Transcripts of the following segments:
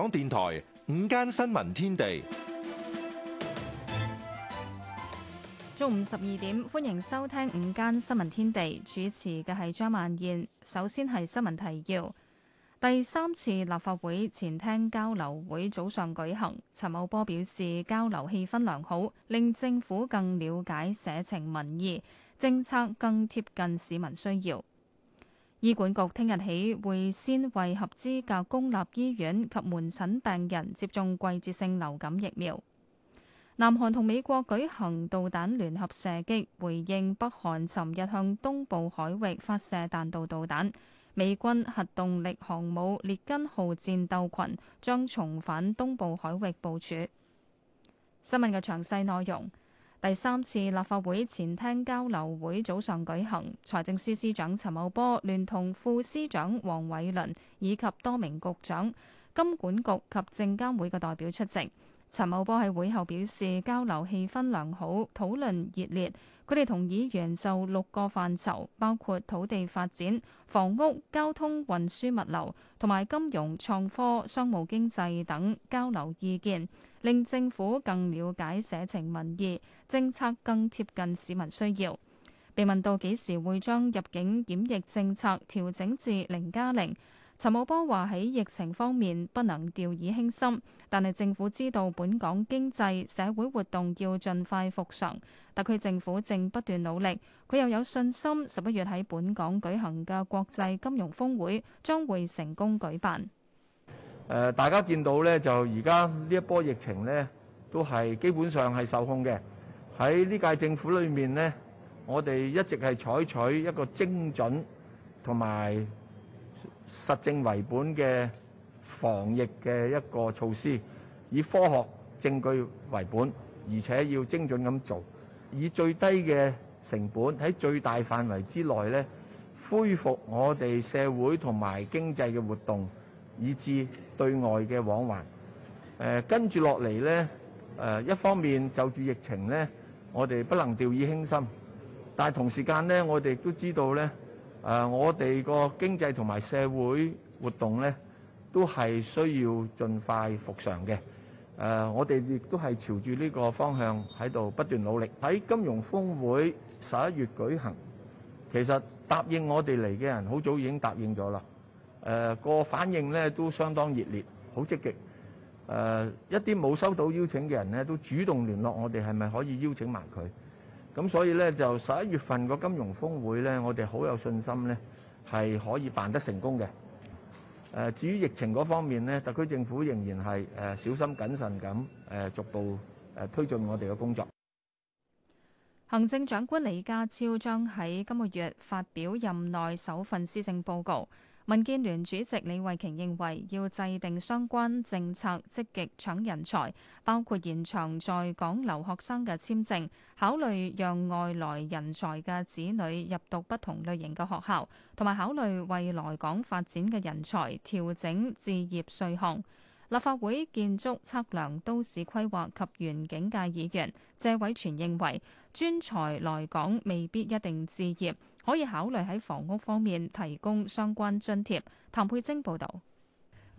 港電台午間新聞天地，中午十二點，歡迎收聽午間新聞天地，主持嘅係張曼燕。首先係新聞提要，第三次立法會前廳交流會早上舉行，陳茂波表示交流氣氛良好，令政府更了解社情民意，政策更貼近市民需要。醫管局聽日起會先為合資格公立醫院及門診病人接種季節性流感疫苗。南韓同美國舉行導彈聯合射擊，回應北韓尋日向東部海域發射彈道導彈。美軍核動力航母列根號戰鬥群將重返東部海域部署。新聞嘅詳細內容。第三次立法會前廳交流會早上舉行，財政司司長陳茂波聯同副司長黃偉綸以及多名局長、金管局及證監會嘅代表出席。陳茂波喺會後表示，交流氣氛良好，討論熱烈。佢哋同議員就六個範疇，包括土地發展、房屋、交通運輸物流同埋金融、創科、商務經濟等交流意見。令政府更了解社情民意，政策更貼近市民需要。被問到幾時會將入境檢疫政策調整至零加零，0? 陳茂波話：喺疫情方面不能掉以輕心，但係政府知道本港經濟社會活動要盡快復常，特區政府正不斷努力，佢又有信心十一月喺本港舉行嘅國際金融峰會將會成功舉辦。誒大家見到咧，就而家呢一波疫情咧，都係基本上係受控嘅。喺呢屆政府裏面咧，我哋一直係採取一個精準同埋實證為本嘅防疫嘅一個措施，以科學證據為本，而且要精準咁做，以最低嘅成本喺最大範圍之內咧，恢復我哋社會同埋經濟嘅活動。以致對外嘅往還，誒跟住落嚟呢，誒一方面就住疫情呢，我哋不能掉以輕心，但係同時間呢，我哋都知道呢，誒我哋個經濟同埋社會活動呢，都係需要盡快復常嘅，誒我哋亦都係朝住呢個方向喺度不斷努力。喺金融峰會十一月舉行，其實答應我哋嚟嘅人，好早已經答應咗啦。誒個反應咧都相當熱烈，好積極。誒一啲冇收到邀請嘅人咧，都主動聯絡我哋，係咪可以邀請埋佢？咁所以咧就十一月份個金融峰會咧，我哋好有信心咧係可以辦得成功嘅。誒，至於疫情嗰方面咧，特區政府仍然係誒小心謹慎咁誒，逐步誒推進我哋嘅工作。行政長官李家超將喺今個月發表任內首份施政報告。民建聯主席李慧瓊認為，要制定相關政策，積極搶人才，包括延長在港留學生嘅簽證，考慮讓外來人才嘅子女入讀不同類型嘅學校，同埋考慮為來港發展嘅人才調整置業稅項。立法會建築測量、都市規劃及園境界議員謝偉銓認為，專才來港未必一定置業。可以考慮喺房屋方面提供相關津貼。譚佩晶報導。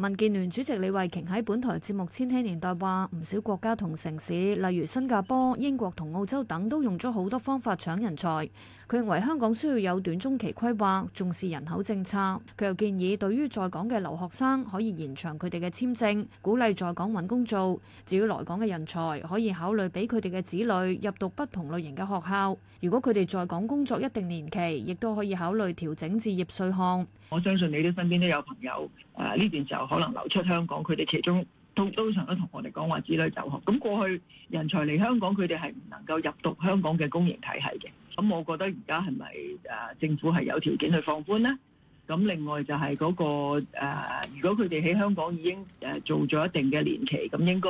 民建聯主席李慧瓊喺本台節目《千禧年代》話：唔少國家同城市，例如新加坡、英國同澳洲等，都用咗好多方法搶人才。佢認為香港需要有短中期規劃，重視人口政策。佢又建議，對於在港嘅留學生，可以延長佢哋嘅簽證，鼓勵在港搵工做；至於來港嘅人才，可以考慮俾佢哋嘅子女入讀不同類型嘅學校。如果佢哋在港工作一定年期，亦都可以考慮調整置業稅項。我相信你啲身邊都有朋友，誒呢段時候可能流出香港，佢哋其中都都常都同我哋講話子女就學。咁過去人才嚟香港，佢哋係唔能夠入讀香港嘅公營體系嘅。咁我覺得而家係咪誒政府係有條件去放寬呢？咁另外就係嗰個誒，如果佢哋喺香港已經誒做咗一定嘅年期，咁應該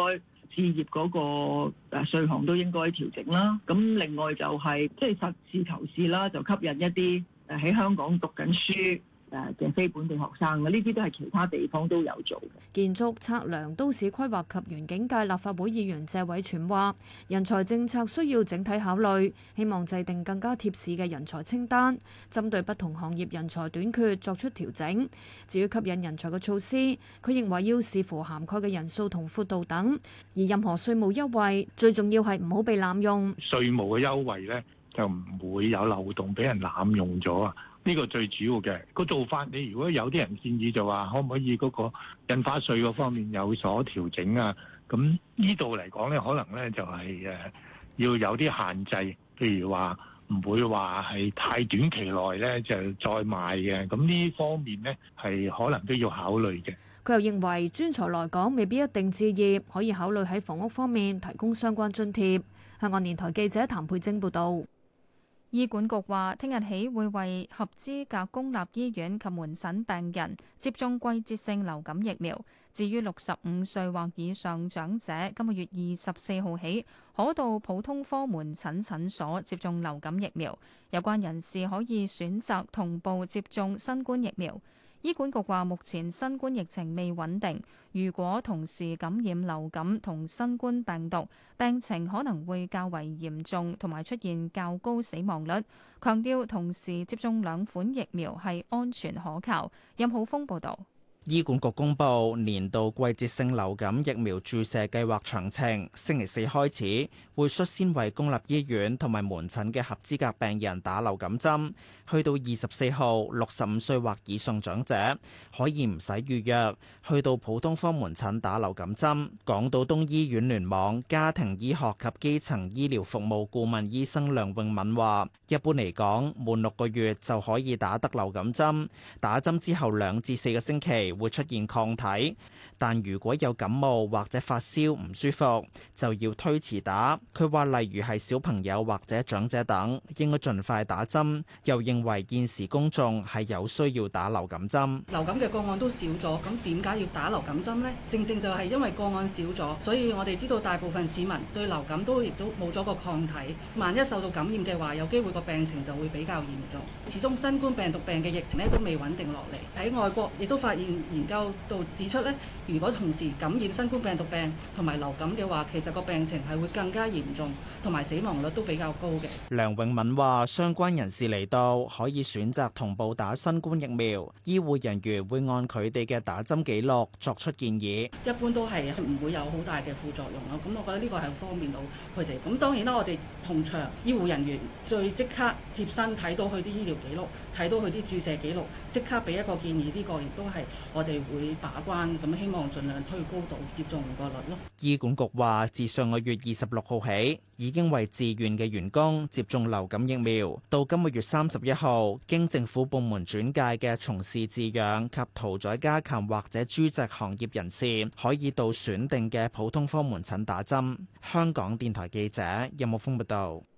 置業嗰個誒稅項都應該調整啦。咁另外就係即係實事求是啦，就吸引一啲誒喺香港讀緊書。誒，嘅非本地學生嘅呢啲都係其他地方都有做。建築測量都市規劃及園境界立法會議員謝偉銓話：人才政策需要整體考慮，希望制定更加貼市嘅人才清單，針對不同行業人才短缺作出調整。至於吸引人才嘅措施，佢認為要視乎涵蓋嘅人數同闊度等。而任何稅務優惠，最重要係唔好被濫用。稅務嘅優惠呢，就唔會有漏洞俾人濫用咗啊！呢個最主要嘅個做法，你如果有啲人建議就話可唔可以嗰個印花稅個方面有所調整啊？咁呢度嚟講咧，可能咧就係誒要有啲限制，譬如話唔會話，係太短期內咧就再賣嘅。咁呢方面咧係可能都要考慮嘅。佢又認為專才來港未必一定置業，可以考慮喺房屋方面提供相關津貼。香港電台記者譚佩貞報道。醫管局話，聽日起會為合資格公立醫院及門診病人接種季節性流感疫苗。至於六十五歲或以上長者，今個月二十四號起可到普通科門診診所接種流感疫苗。有關人士可以選擇同步接種新冠疫苗。醫管局話：目前新冠疫情未穩定，如果同時感染流感同新冠病毒，病情可能會較為嚴重，同埋出現較高死亡率。強調同時接種兩款疫苗係安全可靠。任浩峰報導。醫管局公布年度季節性流感疫苗注射計劃詳情，星期四開始會率先為公立醫院同埋門診嘅合資格病人打流感針。去到二十四號，六十五歲或以上長者可以唔使預約，去到普通科門診打流感針。港島東醫院聯網家庭醫學及基層醫療服務顧問醫生梁永敏話：一般嚟講，滿六個月就可以打得流感針，打針之後兩至四個星期會出現抗體。但如果有感冒或者發燒唔舒服，就要推遲打。佢話，例如係小朋友或者長者等，應該盡快打針。又認為現時公眾係有需要打流感針。流感嘅個案都少咗，咁點解要打流感針呢？正正就係因為個案少咗，所以我哋知道大部分市民對流感都亦都冇咗個抗體。萬一受到感染嘅話，有機會個病情就會比較嚴重。始終新冠病毒病嘅疫情呢都未穩定落嚟，喺外國亦都發現研究度指出呢。如果同時感染新冠病毒病同埋流感嘅話，其實個病情係會更加嚴重，同埋死亡率都比較高嘅。梁永敏話：相關人士嚟到，可以選擇同步打新冠疫苗。醫護人員會按佢哋嘅打針記錄作出建議。一般都係唔會有好大嘅副作用咯。咁我覺得呢個係方便到佢哋。咁當然啦，我哋同場醫護人員最即刻貼身睇到佢啲醫療記錄，睇到佢啲注射記錄，即刻俾一個建議。呢個亦都係我哋會把關咁希望。盡量推高到接種率咯。醫管局話，自上個月二十六號起，已經為自願嘅員工接種流感疫苗。到今個月三十一號，經政府部門轉介嘅從事飼養及屠宰家禽或者豬隻行業人士，可以到選定嘅普通科門診打針。香港電台記者任木峯報道。有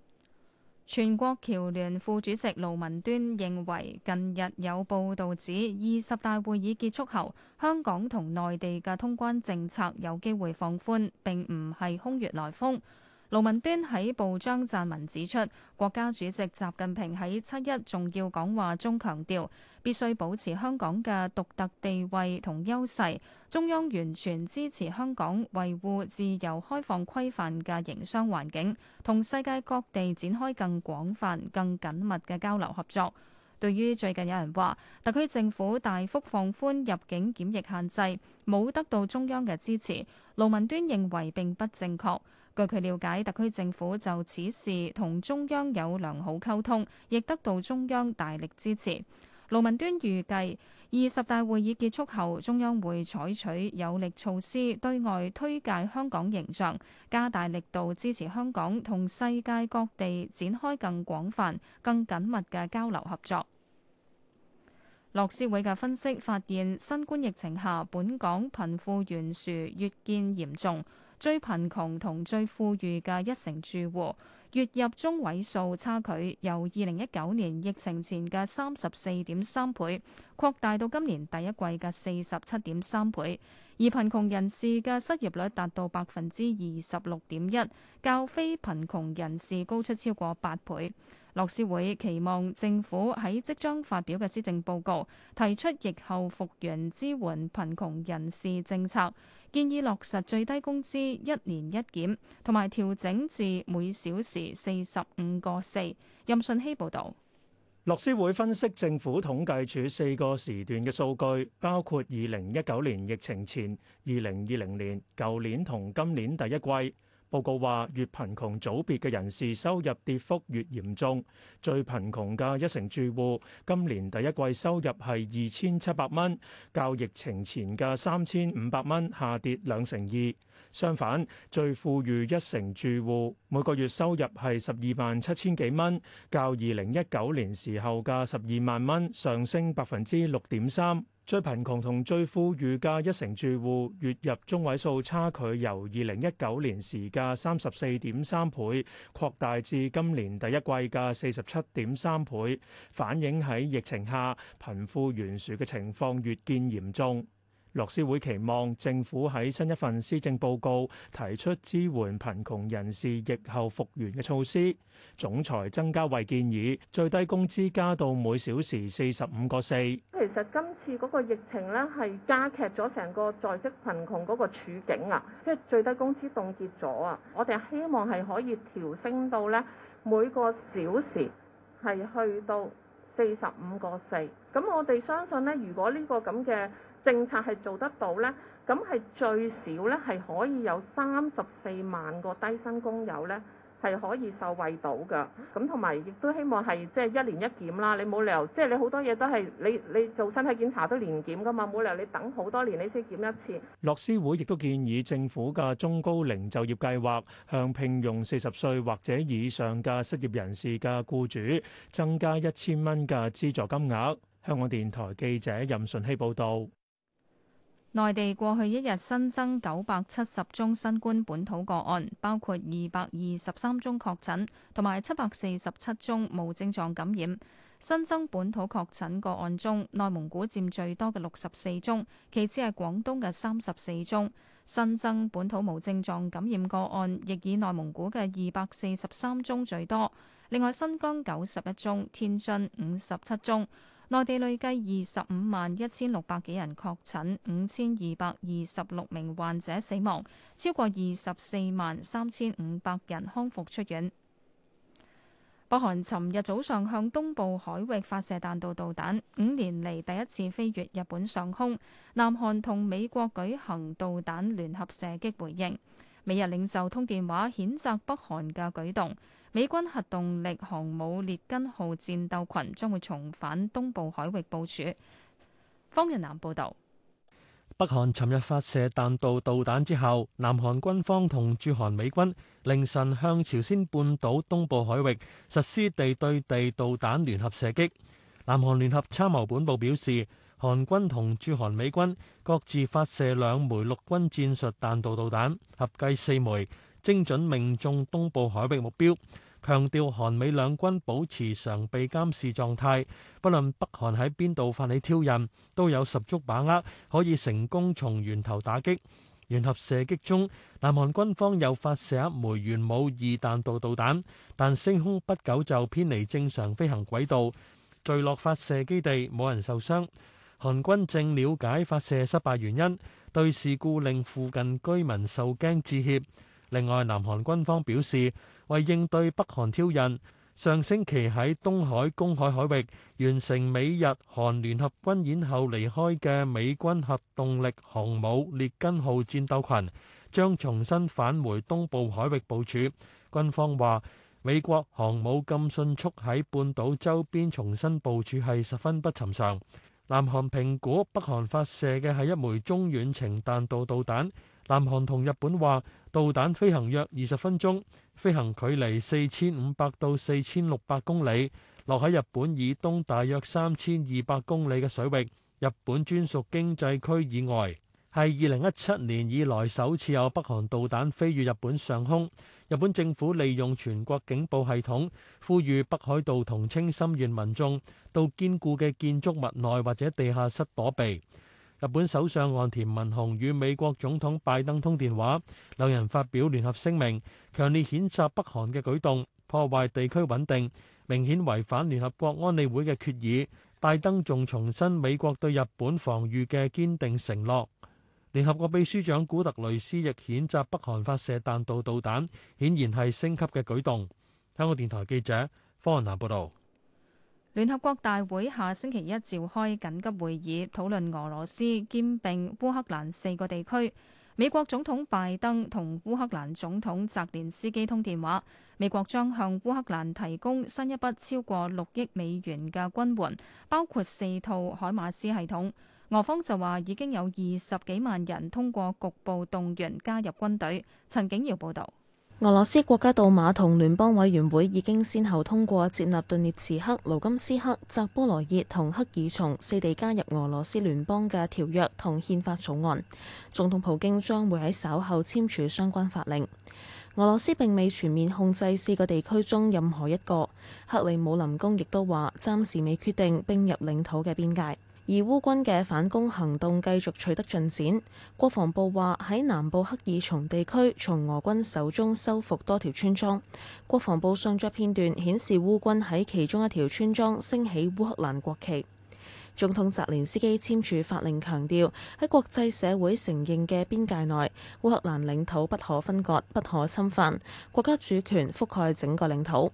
全國僑聯副主席盧文端認為，近日有報道指，二十大會議結束後，香港同內地嘅通關政策有機會放寬，並唔係空穴來風。盧文端喺報章撰文指出，國家主席習近平喺七一重要講話中強調，必須保持香港嘅獨特地位同優勢，中央完全支持香港維護自由開放規範嘅營商環境，同世界各地展開更廣泛、更緊密嘅交流合作。對於最近有人話特區政府大幅放寬入境檢疫限制，冇得到中央嘅支持，盧文端認為並不正確。據佢了解，特區政府就此事同中央有良好溝通，亦得到中央大力支持。盧文端預計二十大會議結束後，中央會採取有力措施，對外推介香港形象，加大力度支持香港同世界各地展開更廣泛、更緊密嘅交流合作。樂施會嘅分析發現，新冠疫情下，本港貧富懸殊越見嚴重，最貧窮同最富裕嘅一成住戶月入中位數差距由二零一九年疫情前嘅三十四點三倍，擴大到今年第一季嘅四十七點三倍。而貧窮人士嘅失業率達到百分之二十六點一，較非貧窮人士高出超過八倍。樂施會期望政府喺即將發表嘅施政報告，提出疫後復原支援貧窮人士政策，建議落實最低工資一年一檢，同埋調整至每小時四十五個四。任信希報導。樂施會分析政府統計處四個時段嘅數據，包括二零一九年疫情前、二零二零年、舊年同今年第一季。報告話，越貧窮組別嘅人士收入跌幅越嚴重。最貧窮嘅一成住戶，今年第一季收入係二千七百蚊，較疫情前嘅三千五百蚊下跌兩成二。相反，最富裕一成住戶，每個月收入係十二萬七千幾蚊，較二零一九年時候嘅十二萬蚊上升百分之六點三。最貧窮同最富裕家一成住戶月入中位數差距由二零一九年時價三十四點三倍擴大至今年第一季價四十七點三倍，反映喺疫情下貧富懸殊嘅情況越見嚴重。樂施會期望政府喺新一份施政報告提出支援貧窮人士疫後復原嘅措施。總裁曾迦慧建議最低工資加到每小時四十五個四。其實今次嗰個疫情咧係加劇咗成個在職貧窮嗰個處境啊，即係最低工資凍結咗啊。我哋希望係可以調升到咧每個小時係去到四十五個四。咁我哋相信咧，如果呢個咁嘅政策係做得到咧，咁係最少呢係可以有三十四萬個低薪工友呢係可以受惠到㗎。咁同埋亦都希望係即係一年一檢啦，你冇理由即係你好多嘢都係你你做身體檢查都年檢㗎嘛，冇理由你等好多年你先檢一次。律師會亦都建議政府嘅中高齡就業計劃向聘用四十歲或者以上嘅失業人士嘅僱主增加一千蚊嘅資助金額。香港電台記者任順希報導。內地過去一日新增九百七十宗新冠本土個案，包括二百二十三宗確診同埋七百四十七宗無症狀感染。新增本土確診個案中，內蒙古佔最多嘅六十四宗，其次係廣東嘅三十四宗。新增本土無症狀感染個案亦以內蒙古嘅二百四十三宗最多。另外，新疆九十一宗，天津五十七宗。內地累計二十五萬一千六百幾人確診，五千二百二十六名患者死亡，超過二十四萬三千五百人康復出院。北韓尋日早上向東部海域發射彈道導彈，五年嚟第一次飛越日本上空。南韓同美國舉行導彈聯合射擊回應。美日領袖通電話譴責北韓嘅舉動。美軍核動力航母列根號戰鬥群將會重返東部海域部署。方潤南報道：北韓尋日發射彈道導彈之後，南韓軍方同駐韓美軍凌晨向朝鮮半島東部海域實施地對地導彈聯合射擊。南韓聯合參謀本部表示，韓軍同駐韓美軍各自發射兩枚陸軍戰術彈道導彈，合計四枚。精準命中東部海域目標，強調韓美兩軍保持常備監視狀態。不論北韓喺邊度發起挑釁，都有十足把握可以成功從源頭打擊。聯合射擊中，南韓軍方又發射一枚元武二彈道導彈，但升空不久就偏離正常飛行軌道，墜落發射基地，冇人受傷。韓軍正了解發射失敗原因，對事故令附近居民受驚致歉。另外，南韓軍方表示，為應對北韓挑釁，上星期喺東海公海海域完成美日韓聯合軍演後離開嘅美軍核動力航母列根號戰鬥群，將重新返回東部海域部署。軍方話，美國航母咁迅速喺半島周邊重新部署係十分不尋常。南韓評估北韓發射嘅係一枚中遠程彈道導彈。南韓同日本話，導彈飛行約二十分鐘，飛行距離四千五百到四千六百公里，落喺日本以東大約三千二百公里嘅水域，日本專屬經濟區以外，係二零一七年以來首次有北韓導彈飛越日本上空。日本政府利用全國警報系統，呼籲北海道同青森縣民眾到堅固嘅建築物內或者地下室躲避。日本首相岸田文雄與美國總統拜登通電話，兩人發表聯合聲明，強烈譴責北韓嘅舉動，破壞地區穩定，明顯違反聯合國安理會嘅決議。拜登仲重申美國對日本防禦嘅堅定承諾。聯合國秘書長古特雷斯亦譴責北韓發射彈道導彈，顯然係升級嘅舉動。香港電台記者方南報道。聯合國大會下星期一召開緊急會議，討論俄羅斯兼併烏克蘭四個地區。美國總統拜登同烏克蘭總統澤連斯基通電話，美國將向烏克蘭提供新一筆超過六億美元嘅軍援，包括四套海馬斯系統。俄方就話已經有二十幾萬人通過局部動員加入軍隊。陳景堯報道。俄羅斯國家杜馬同聯邦委員會已經先後通過接納頓涅茨克、盧甘斯克、扎波羅熱同克爾松四地加入俄羅斯聯邦嘅條約同憲法草案，總統普京將會喺稍後簽署相關法令。俄羅斯並未全面控制四個地區中任何一個。克里姆林宮亦都話暫時未決定並入領土嘅邊界。而烏軍嘅反攻行動繼續取得進展，國防部話喺南部克爾松地區從俄軍手中收復多條村莊。國防部上載片段顯示烏軍喺其中一條村莊升起烏克蘭國旗。總統澤連斯基簽署法令強調喺國際社會承認嘅邊界內，烏克蘭領土不可分割、不可侵犯，國家主權覆蓋整個領土。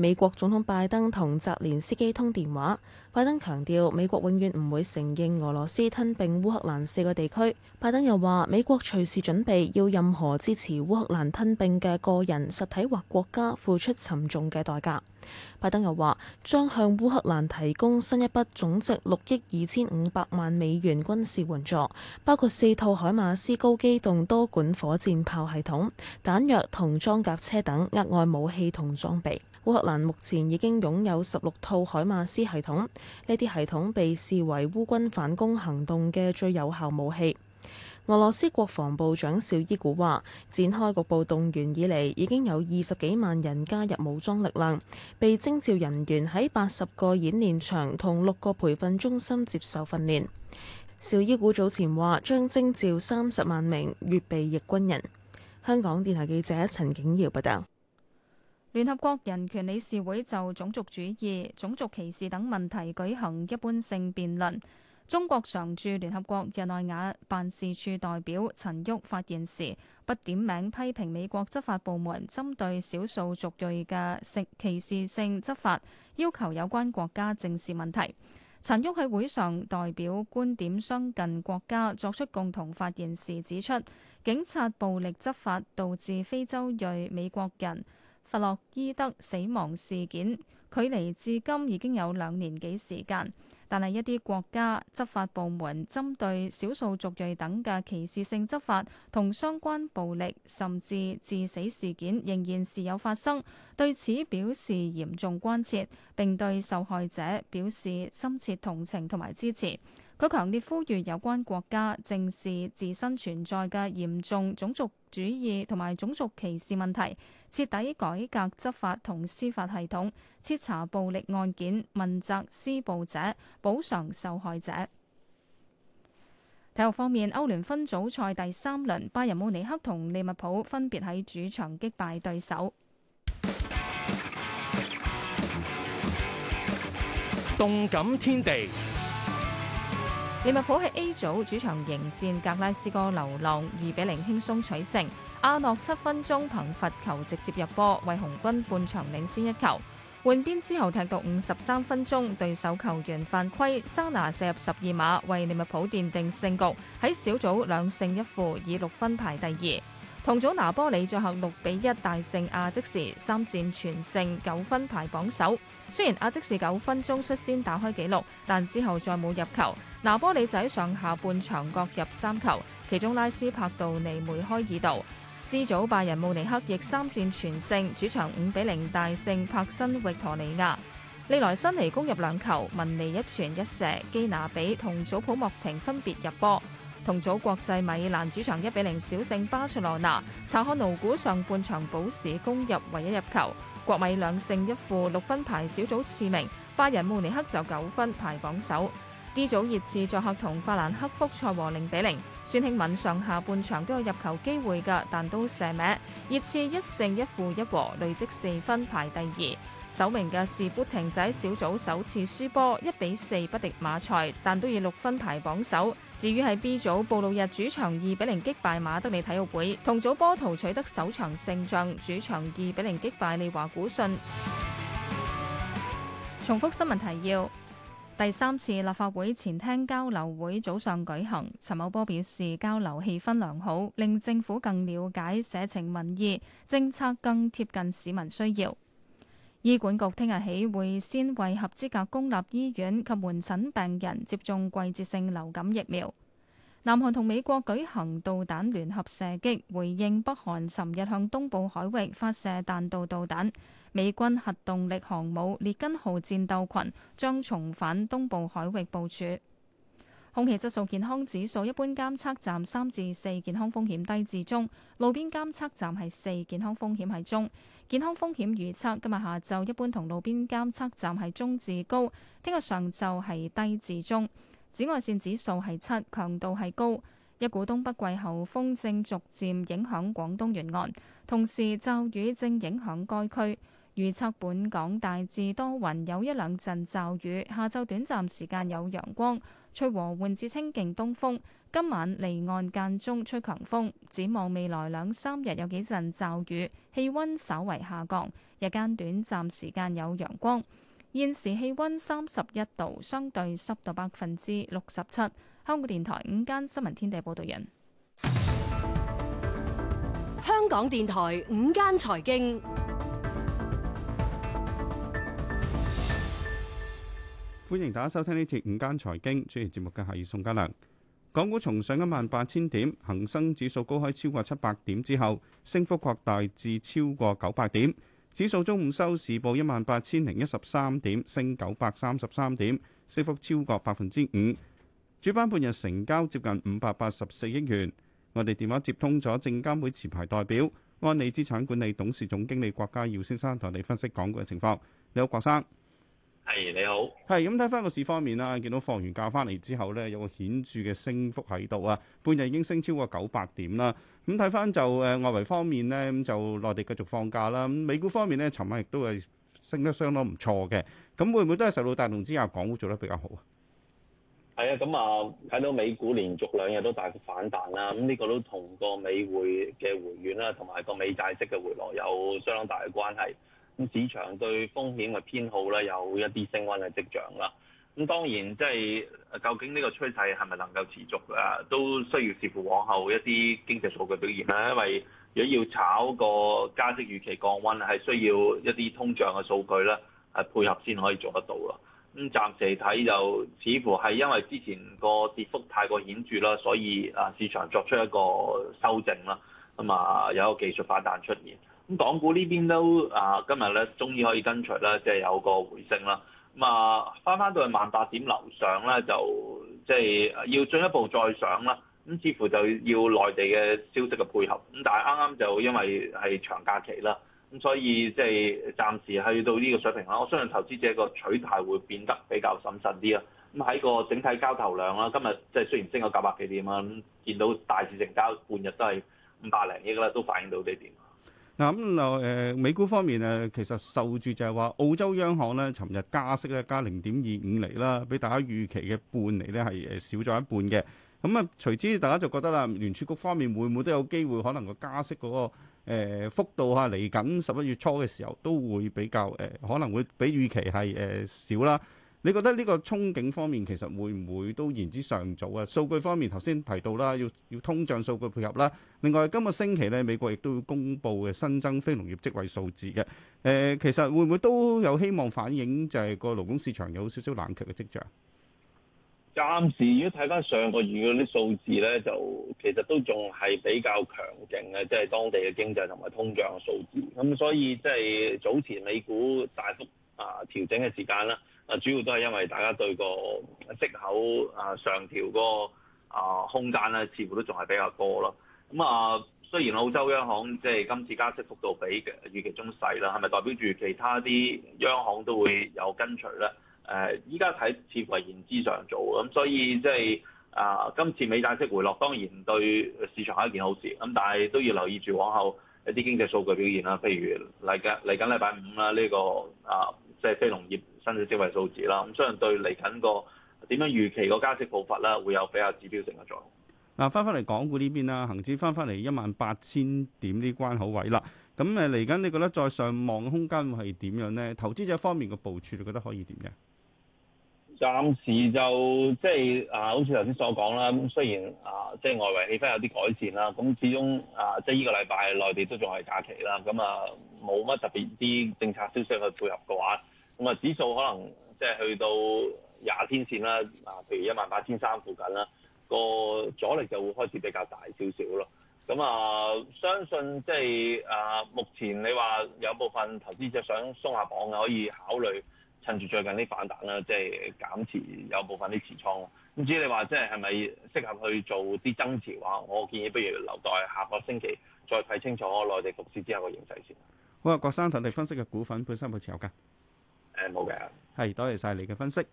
美國總統拜登同澤連斯基通電話，拜登強調美國永遠唔會承認俄羅斯吞併烏克蘭四個地區。拜登又話，美國隨時準備要任何支持烏克蘭吞併嘅個人、實體或國家付出沉重嘅代價。拜登又話，將向烏克蘭提供新一筆總值六億二千五百萬美元軍事援助，包括四套海馬斯高機動多管火箭炮系統、彈藥同裝甲車等額外武器同裝備。烏克蘭目前已經擁有十六套海馬斯系統，呢啲系統被視為烏軍反攻行動嘅最有效武器。俄羅斯國防部長紹伊古話：展開局部動員以嚟，已經有二十幾萬人加入武裝力量，被徵召人員喺八十個演練場同六個培訓中心接受訓練。紹伊古早前話，將徵召三十萬名預備役軍人。香港電台記者陳景瑤報道。聯合國人權理事會就種族主義、種族歧視等問題舉行一般性辯論。中國常駐聯合國日內瓦辦事處代表陳旭發言時，不點名批評美國執法部門針對少數族裔嘅歧視性執法，要求有關國家正視問題。陳旭喺會上代表觀點相近國家作出共同發言時指出，警察暴力執法導致非洲裔美國人弗洛伊德死亡事件，距離至今已經有兩年幾時間，但係一啲國家執法部門針對少數族裔等嘅歧視性執法同相關暴力甚至致死事件仍然時有發生，對此表示嚴重關切，並對受害者表示深切同情同埋支持。佢強烈呼籲有關國家正視自身存在嘅嚴重種族主義同埋種族歧視問題，徹底改革執法同司法系統，徹查暴力案件，問責施暴者，補償受害者。體育方面，歐聯分組賽第三輪，拜仁慕尼黑同利物浦分別喺主場擊敗對手。動感天地。利物浦喺 A 組主場迎戰格拉斯哥流浪，二比零輕鬆取勝。阿諾七分鐘憑罰球直接入波，為紅軍半場領先一球。換邊之後踢到五十三分鐘，對手球員犯規，沙拿射入十二碼，為利物浦奠定勝局。喺小組兩勝一負，以六分排第二。同組拿波里在客六比一大勝阿積士，三戰全勝，九分排榜首。雖然阿積士九分鐘率先打開紀錄，但之後再冇入球。拿波里仔上下半場各入三球，其中拉斯帕杜尼梅開二度。C 組拜仁慕尼黑亦三戰全勝，主場五比零大勝帕辛域陀尼亞。利萊辛尼攻入兩球，文尼一傳一射，基拿比同祖普莫廷分別入波。同組國際米蘭主場一比零小勝巴塞羅那，查看奴古上半場補時攻入唯一入球。國米兩勝一負六分排小組次名，拜仁慕尼黑就九分排榜首。D 組熱刺作客同法蘭克福賽和零比零，孫興慜上下半場都有入球機會嘅，但都射歪。熱刺一勝一負一和，累積四分排第二。首名嘅是砵亭仔，小組首次輸波一比四不敵馬賽，但都以六分排榜首。至於係 B 組，布魯日主場二比零擊敗馬德里體育會，同組波圖取得首場勝仗，主場二比零擊敗利華古信。重複新聞提要：第三次立法會前廳交流會早上舉行，陳茂波表示交流氣氛良好，令政府更了解社情民意，政策更貼近市民需要。醫管局聽日起會先為合資格公立醫院及門診病人接種季節性流感疫苗。南韓同美國舉行導彈聯合射擊，回應北韓尋日向東部海域發射彈道導彈。美軍核動力航母“列根號”戰鬥群將重返東部海域部署。空氣質素健康指數一般監測站三至四健康風險低至中，路邊監測站係四健康風險係中。健康風險預測今日下晝一般同路邊監測站係中至高，聽日上晝係低至中。紫外線指數係七，強度係高。一股東北季候風正逐漸影響廣東沿岸，同時驟雨正影響該區。預測本港大致多雲，有一兩陣驟雨，下晝短暫時間有陽光，吹和緩至清勁東風。今晚離岸間中吹強風，展望未來兩三日有幾陣驟雨，氣溫稍為下降。日間短暫時間有陽光。現時氣溫三十一度，相對濕度百分之六十七。香港電台午間新聞天地報道人：「香港電台午間財經，歡迎大家收聽呢次午間財經主持節目嘅係宋嘉良。港股重上一萬八千點，恒生指數高開超過七百點之後，升幅擴大至超過九百點。指數中午收市報一萬八千零一十三點，升九百三十三點，升幅超過百分之五。主板半日成交接近五百八十四億元。我哋電話接通咗證監會持牌代表安利資產管理董事總經理郭家耀先生，同你分析港股嘅情況。你好，郭生。係，你好。係咁睇翻個市方面啦，見到放完假翻嚟之後咧，有個顯著嘅升幅喺度啊，半日已經升超過九百點啦。咁睇翻就誒外圍方面咧，咁就內地繼續放假啦。咁美股方面咧，尋晚亦都係升得相當唔錯嘅。咁會唔會都係受到帶動之下，港股做得比較好啊？係啊，咁啊睇到美股連續兩日都大幅反彈啦。咁呢個都同個美匯嘅回軟啦，同埋個美債息嘅回落有相當大嘅關係。市場對風險嘅偏好咧，有一啲升溫嘅跡象啦。咁當然，即係究竟呢個趨勢係咪能夠持續啊？都需要視乎往後一啲經濟數據表現啦。因為如果要炒個加息預期降溫，係需要一啲通脹嘅數據咧，係配合先可以做得到啦。咁暫時睇就似乎係因為之前個跌幅太過顯著啦，所以啊市場作出一個修正啦。咁啊，有一個技術反彈出現。港股呢邊都啊，今日咧終於可以跟隨啦，即係有個回升啦。咁啊，翻翻到去萬八點樓上咧，就即係要進一步再上啦。咁、嗯、似乎就要內地嘅消息嘅配合。咁但係啱啱就因為係長假期啦，咁所以即係暫時去到呢個水平啦。我相信投資者個取態會變得比較審慎啲啊。咁、嗯、喺個整體交投量啦，今日即係雖然升咗九百幾點啊，咁見到大市成交半日都係五百零億啦，都反映到呢點。咁就、嗯呃、美股方面誒，其實受住就係話澳洲央行咧，尋日加息咧加零點二五厘啦，比大家預期嘅半厘咧係誒少咗一半嘅。咁、嗯、啊，隨之大家就覺得啦，聯儲局方面會唔會都有機會可能個加息嗰、那個、呃、幅度啊，嚟緊十一月初嘅時候都會比較誒、呃，可能會比預期係誒、呃、少啦。你覺得呢個憧憬方面其實會唔會都言之尚早啊？數據方面頭先提到啦，要要通脹數據配合啦。另外今個星期呢，美國亦都要公布嘅新增非農業職位數字嘅。誒、呃，其實會唔會都有希望反映就係個勞工市場有少少冷卻嘅跡象？暫時如果睇翻上個月嗰啲數字呢，就其實都仲係比較強勁嘅，即係當地嘅經濟同埋通脹嘅數字。咁所以即係早前美股大幅啊調整嘅時間啦。啊，主要都係因為大家對個息口啊上調個啊空間咧，似乎都仲係比較多咯。咁啊，雖然澳洲央行即係今次加息幅度比預期中細啦，係咪代表住其他啲央行都會有跟隨咧？誒，依家睇似乎係言之尚早咁，所以即係啊，今次美債息回落當然對市場係一件好事咁，但係都要留意住往後一啲經濟數據表現啦，譬如嚟緊嚟緊禮拜五啦，這個，呢個啊即係非農業新嘅職位數字啦，咁雖然對嚟緊個點樣預期個加息步伐咧，會有比較指標性嘅作用。嗱，翻翻嚟港股呢邊啦，恆指翻翻嚟一萬八千點啲關口位啦，咁誒嚟緊你覺得再上望空間會係點樣咧？投資者方面嘅部署你覺得可以點嘅？暫時就即係啊，好似頭先所講啦。咁雖然啊，即係外圍氣氛有啲改善啦，咁始終啊，即係呢個禮拜內地都仲係假期啦，咁啊冇乜特別啲政策消息去配合嘅話，咁啊，指數可能即係去到廿天線啦。啊，譬如一萬八千三附近啦，個阻力就會開始比較大少少咯。咁啊，呃，相信即係啊，目前你話有部分投資者想鬆下綁，可以考慮趁住最近啲反彈啦，即係減持有部分啲持倉。唔知你話即係係咪適合去做啲增持嘅話，我建議不如留待下個星期再睇清楚內地復市之後嘅形勢先。好啊，郭生，同你分析嘅股份本身冇持有嘅。誒，係多謝晒你嘅分析。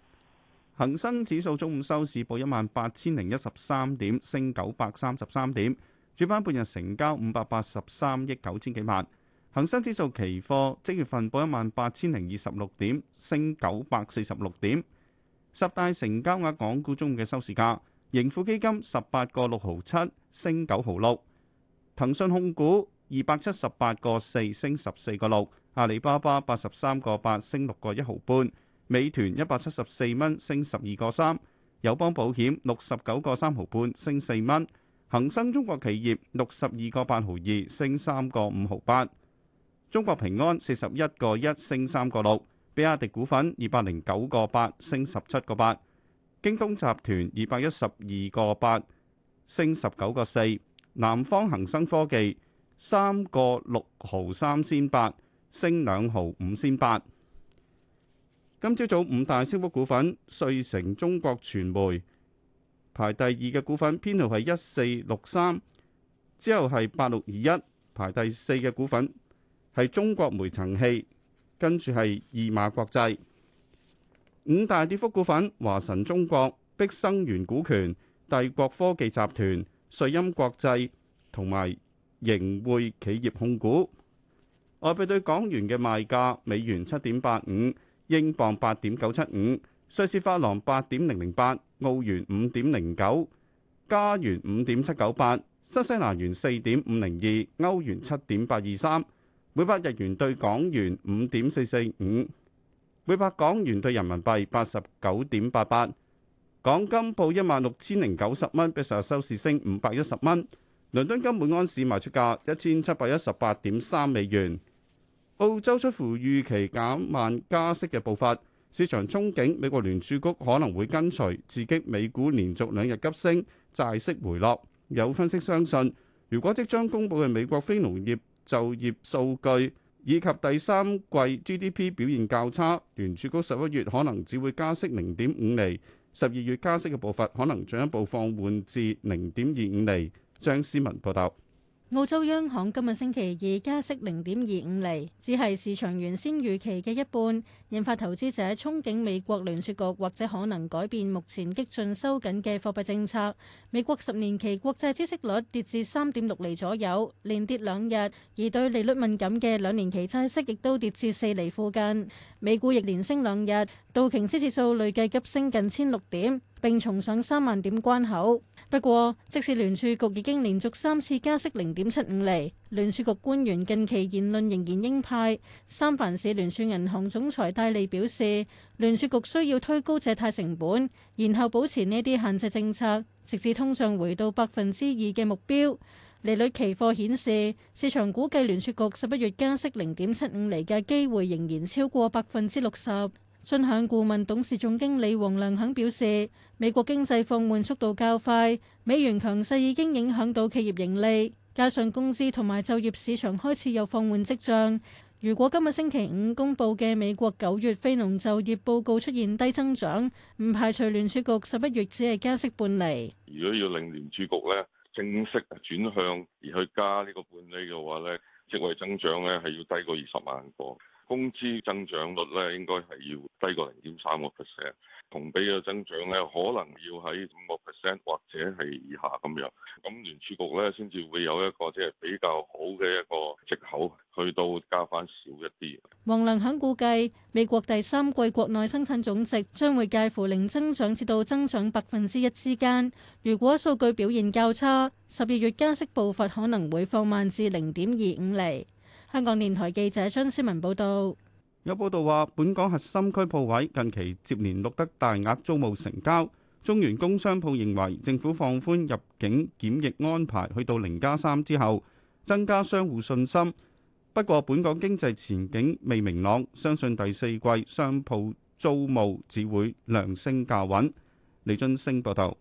恒生指數中午收市報一萬八千零一十三點，升九百三十三點。主板半日成交五百八十三億九千幾萬。恒生指數期貨即月份報一萬八千零二十六點，升九百四十六點。十大成交額港股中午嘅收市價，盈富基金十八個六毫七，升九毫六。騰訊控股二百七十八個四，升十四個六。阿里巴巴八十三個八，升六個一毫半；美團一百七十四蚊，升十二個三；友邦保險六十九個三毫半，升四蚊；恒生中國企業六十二個八毫二，升三個五毫八；中國平安四十一個一，升三個六；比亞迪股份二百零九個八，升十七個八；京東集團二百一十二個八，升十九個四；南方恒生科技三個六毫三先八。升兩毫五千八。今朝早，早五大升幅股份，瑞誠中國傳媒排第二嘅股，股份，編號係一四六三，之後係八六二一，排第四嘅股份係中國煤層氣，跟住係義馬國際。五大跌幅股份，華晨中國、碧生源股權、帝國科技集團、瑞音國際同埋盈匯企業控股。外幣兌港元嘅賣價：美元七點八五，英鎊八點九七五，瑞士法郎八點零零八，澳元五點零九，加元五點七九八，新西蘭元四點五零二，歐元七點八二三，每百日元兌港元五點四四五，每百港元兌人民幣八十九點八八。港金報一萬六千零九十蚊，比上日收市升五百一十蚊。倫敦金每安士賣出價一千七百一十八點三美元。澳洲出乎預期減慢加息嘅步伐，市場憧憬美國聯儲局可能會跟隨，刺激美股連續兩日急升，債息回落。有分析相信，如果即將公佈嘅美國非農業就業數據以及第三季 GDP 表現較差，聯儲局十一月可能只會加息零點五厘，十二月加息嘅步伐可能進一步放緩至零點二五厘。張思文報道。澳洲央行今日星期二加息零點二五厘，只係市場原先預期嘅一半，引發投資者憧憬美國聯儲局或者可能改變目前激進收緊嘅貨幣政策。美國十年期國債孳息率跌至三點六厘左右，連跌兩日，而對利率敏感嘅兩年期債息亦都跌至四厘附近。美股亦連升兩日，道瓊斯指數累計急升近千六點，並重上三萬點關口。不過，即使聯儲局已經連續三次加息零點七五厘，聯儲局官員近期言論仍然鷹派。三藩市聯儲銀行總裁戴利表示，聯儲局需要推高借貸成本，然後保持呢啲限制政策，直至通脹回到百分之二嘅目標。利率期貨顯示，市場估計聯儲局十一月加息零點七五釐嘅機會仍然超過百分之六十。尊享顧問董事總經理黃良肯表示：美國經濟放緩速度較快，美元強勢已經影響到企業盈利，加上工資同埋就業市場開始有放緩跡象。如果今日星期五公佈嘅美國九月非農就業報告出現低增長，唔排除聯儲局十一月只係加息半釐。如果要令聯儲局咧，正式轉向而去加呢個管理嘅話呢，職位增長咧係要低過二十萬個，工資增長率咧應該係要低過零點三個 percent。同比嘅增長咧，可能要喺五個 percent 或者係以下咁樣，咁聯儲局咧先至會有一個即係比較好嘅一個藉口，去到加翻少一啲。黃良肯估計，美國第三季國內生產總值將會介乎零增長至到增長百分之一之間。如果數據表現較差，十二月加息步伐可能會放慢至零點二五厘。香港電台記者張思文報道。有報道話，本港核心區鋪位近期接連錄得大額租務成交。中原工商鋪認為，政府放寬入境檢疫安排去到零加三之後，增加商戶信心。不過，本港經濟前景未明朗，相信第四季商鋪租務只會量升價穩。李俊升報道。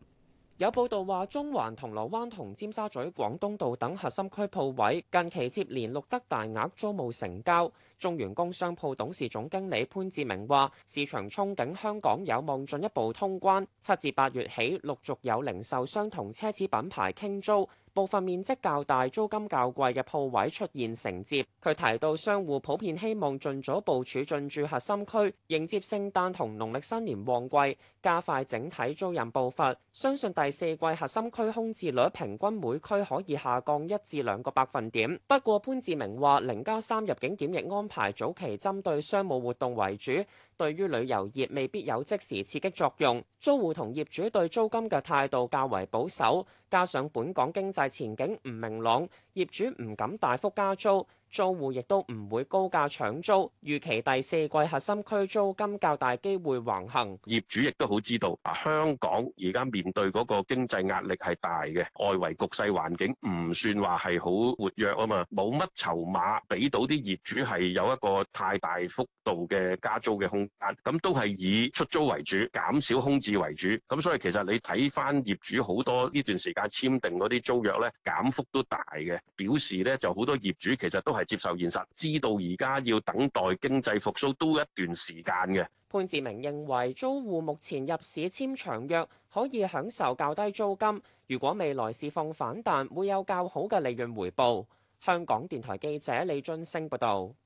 有報道話，中環、銅鑼灣同尖沙咀廣東道等核心區鋪位近期接連錄得大額租務成交。中原工商鋪董事總經理潘志明話：市場憧憬香港有望進一步通關，七至八月起陸續有零售商同奢侈品牌傾租，部分面積較大、租金較貴嘅鋪位出現承接。佢提到，商戶普遍希望盡早部署進駐核心區，迎接聖誕同農曆新年旺季，加快整體租賃步伐。相信第四季核心區空置率平均每區可以下降一至兩個百分點。不過，潘志明話，零加三入境檢疫安排早期針對商務活動為主，對於旅遊業未必有即時刺激作用。租戶同業主對租金嘅態度較為保守。加上本港經濟前景唔明朗，業主唔敢大幅加租。租戶亦都唔會高價搶租，預期第四季核心區租金較大機會橫行。業主亦都好知道，啊，香港而家面對嗰個經濟壓力係大嘅，外圍局勢環境唔算話，係好活躍啊嘛，冇乜籌碼俾到啲業主係有一個太大幅度嘅加租嘅空間，咁、啊、都係以出租為主，減少空置為主。咁所以其實你睇翻業主好多呢段時間簽訂嗰啲租約咧，減幅都大嘅，表示咧就好多業主其實都係。接受現實，知道而家要等待經濟復甦都一段時間嘅。潘志明認為，租戶目前入市簽長約，可以享受較低租金。如果未來市況反彈，會有較好嘅利潤回報。香港電台記者李津升報導。